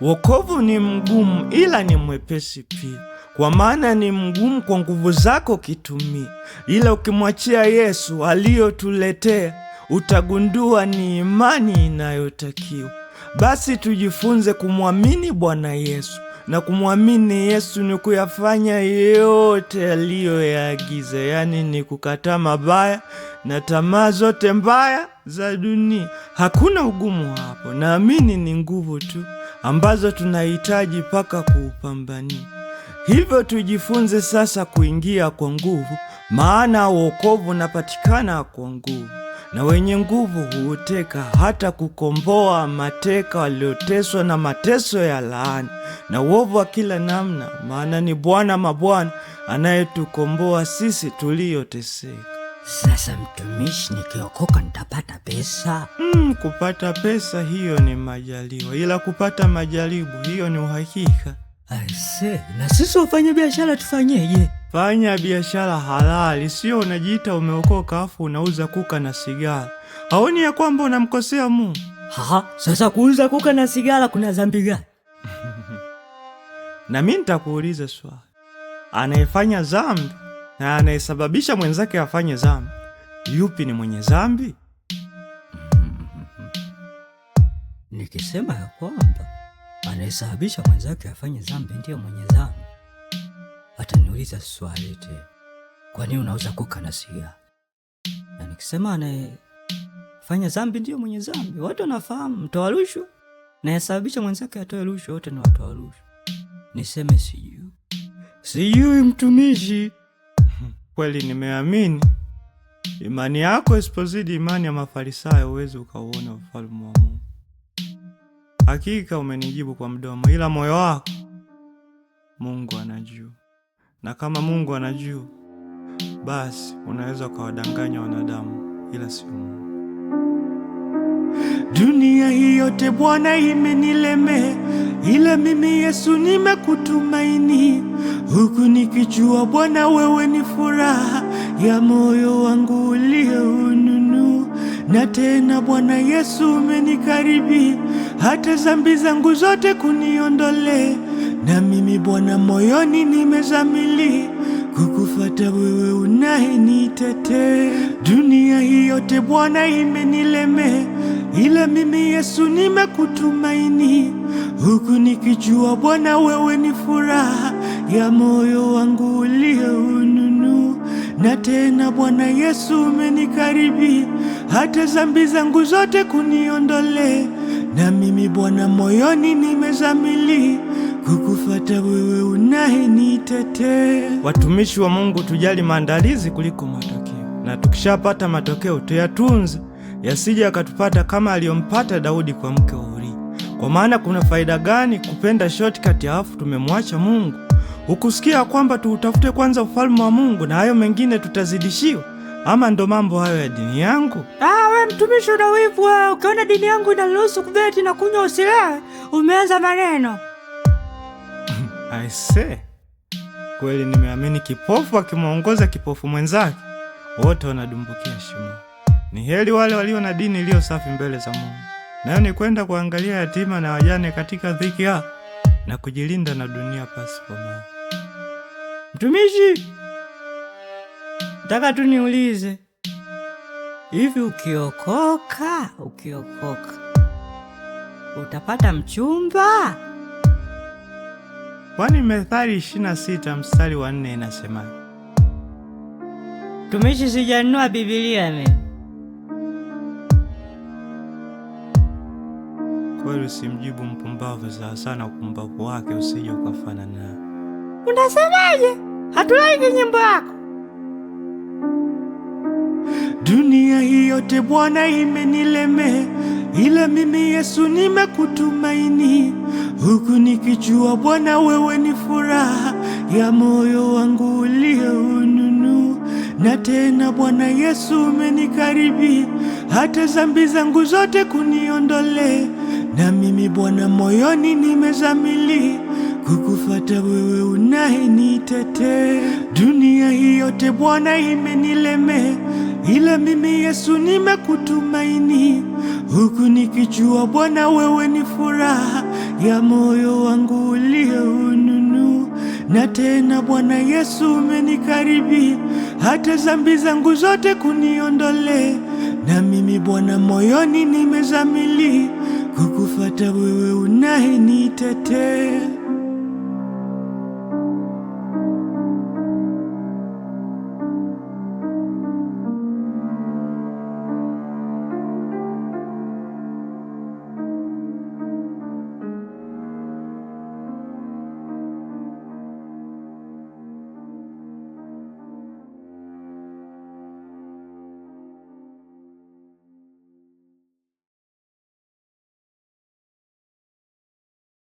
Wokovu ni mgumu ila ni mwepesi pia, kwa maana ni mgumu kwa nguvu zako kitumia, ila ukimwachia Yesu aliyotuletea utagundua ni imani inayotakiwa. Basi tujifunze kumwamini Bwana Yesu, na kumwamini Yesu ni kuyafanya yote aliyoyaagiza, yaani ni kukataa mabaya na tamaa zote mbaya za dunia. Hakuna ugumu hapo, naamini ni nguvu tu ambazo tunahitaji mpaka kuupambania. Hivyo tujifunze sasa kuingia kwa nguvu, maana wokovu unapatikana kwa nguvu, na wenye nguvu huuteka hata kukomboa mateka walioteswa na mateso ya laana na uovu wa kila namna, maana ni Bwana mabwana anayetukomboa sisi tuliyoteseka. Sasa mtumishi, nikiokoka nitapata pesa? Mm, kupata pesa hiyo ni majaliwa, ila kupata majaribu hiyo ni uhakika. Aise, na sisi wafanya biashara tufanyeje? Fanya biashara halali, sio unajiita umeokoka afu unauza kuka na sigara. Haoni ya kwamba unamkosea Mungu? Aha, sasa kuuza kuka na sigara kuna dhambi gani? na mimi nitakuuliza swali, anayefanya dhambi na anayesababisha mwenzake afanye dhambi, yupi ni mwenye dhambi? Mm-hmm. Nikisema ya kwamba anayesababisha mwenzake afanye dhambi ndiyo mwenye dhambi, ataniuliza swali te, kwa nini unauza na Na nikisema anayefanya dhambi ndiyo mwenye dhambi, watu wanafahamu. Mtoa rushwa nayesababisha mwenzake atoe rushwa, wote ni watoa rushwa. Niseme sijui, sijui mtumishi. Kweli nimeamini. Imani yako isipozidi imani ya Mafarisayo, huwezi ukauona ufalme wa Mungu. Hakika umenijibu kwa mdomo, ila moyo wako Mungu anajua, na kama Mungu anajua, basi unaweza ukawadanganya wanadamu, ila sio Mungu. Dunia hii yote Bwana imenileme ila mimi Yesu nimekutumaini, huku nikijua Bwana wewe ni furaha ya moyo wangu ulio ununu Na tena Bwana Yesu umenikaribi hata zambi zangu zote kuniondole na mimi Bwana moyoni nimezamili kukufata wewe unayenitetea. Dunia hii yote Bwana imenileme ila mimi Yesu nimekutumaini, huku nikijua Bwana wewe ni furaha ya moyo wangu ununu Na tena Bwana Yesu umenikaribi, hata zambi zangu zote kuniondole Na mimi Bwana moyoni nimezamili kukufuata wewe nitete Watumishi wa Mungu, tujali maandalizi kuliko matokeo, na tukishapata matokeo tuyatunze yasije akatupata kama aliyompata Daudi kwa mke wa Uria. Kwa maana kuna faida gani kupenda shortcut ya afu tumemwacha Mungu? Hukusikia kwamba tuutafute kwanza ufalme wa Mungu na hayo mengine tutazidishiwa? Ama ndo mambo hayo ya dini yangu? Ah, we mtumishi una wivu wewe! Ukiona dini yangu inaruhusu kubeti na kunywa usilahe umeanza maneno I say. Kweli nimeamini kipofu akimwongoza kipofu mwenzake, wote wanadumbukia shimo. Ni heri wale walio na dini iliyo safi mbele za Mungu, nayo ni kwenda kuangalia yatima na wajane katika dhiki ya na kujilinda na dunia pasipo mao. Mtumishi, nataka tu niulize hivi, ukiokoka ukiokoka utapata mchumba? Kwani Methali 26 mstari wa 4 inasema? Mtumishi, sijanua Biblia mimi. kweli, usimjibu mpumbavu sana sana, upumbavu wake usije ukafanana. Unasemaje? hatulaiki nyimbo yako. Dunia hii yote Bwana imenileme ila mimi Yesu nimekutumaini, huku nikijua Bwana wewe ni furaha ya moyo wangu ulioununu. Na tena Bwana Yesu umenikaribia, hata zambi zangu zote kuniondole na mimi Bwana moyoni nimezamili kukufata wewe unayenitetea. Dunia hii yote Bwana imenileme ila mimi Yesu nimekutumaini, huku nikijua Bwana wewe ni furaha ya moyo wangu ununu Na tena Bwana Yesu umenikaribia, hata zambi zangu zote kuniondole na mimi Bwana moyoni nimezamili Kukufata wewe unayenitetea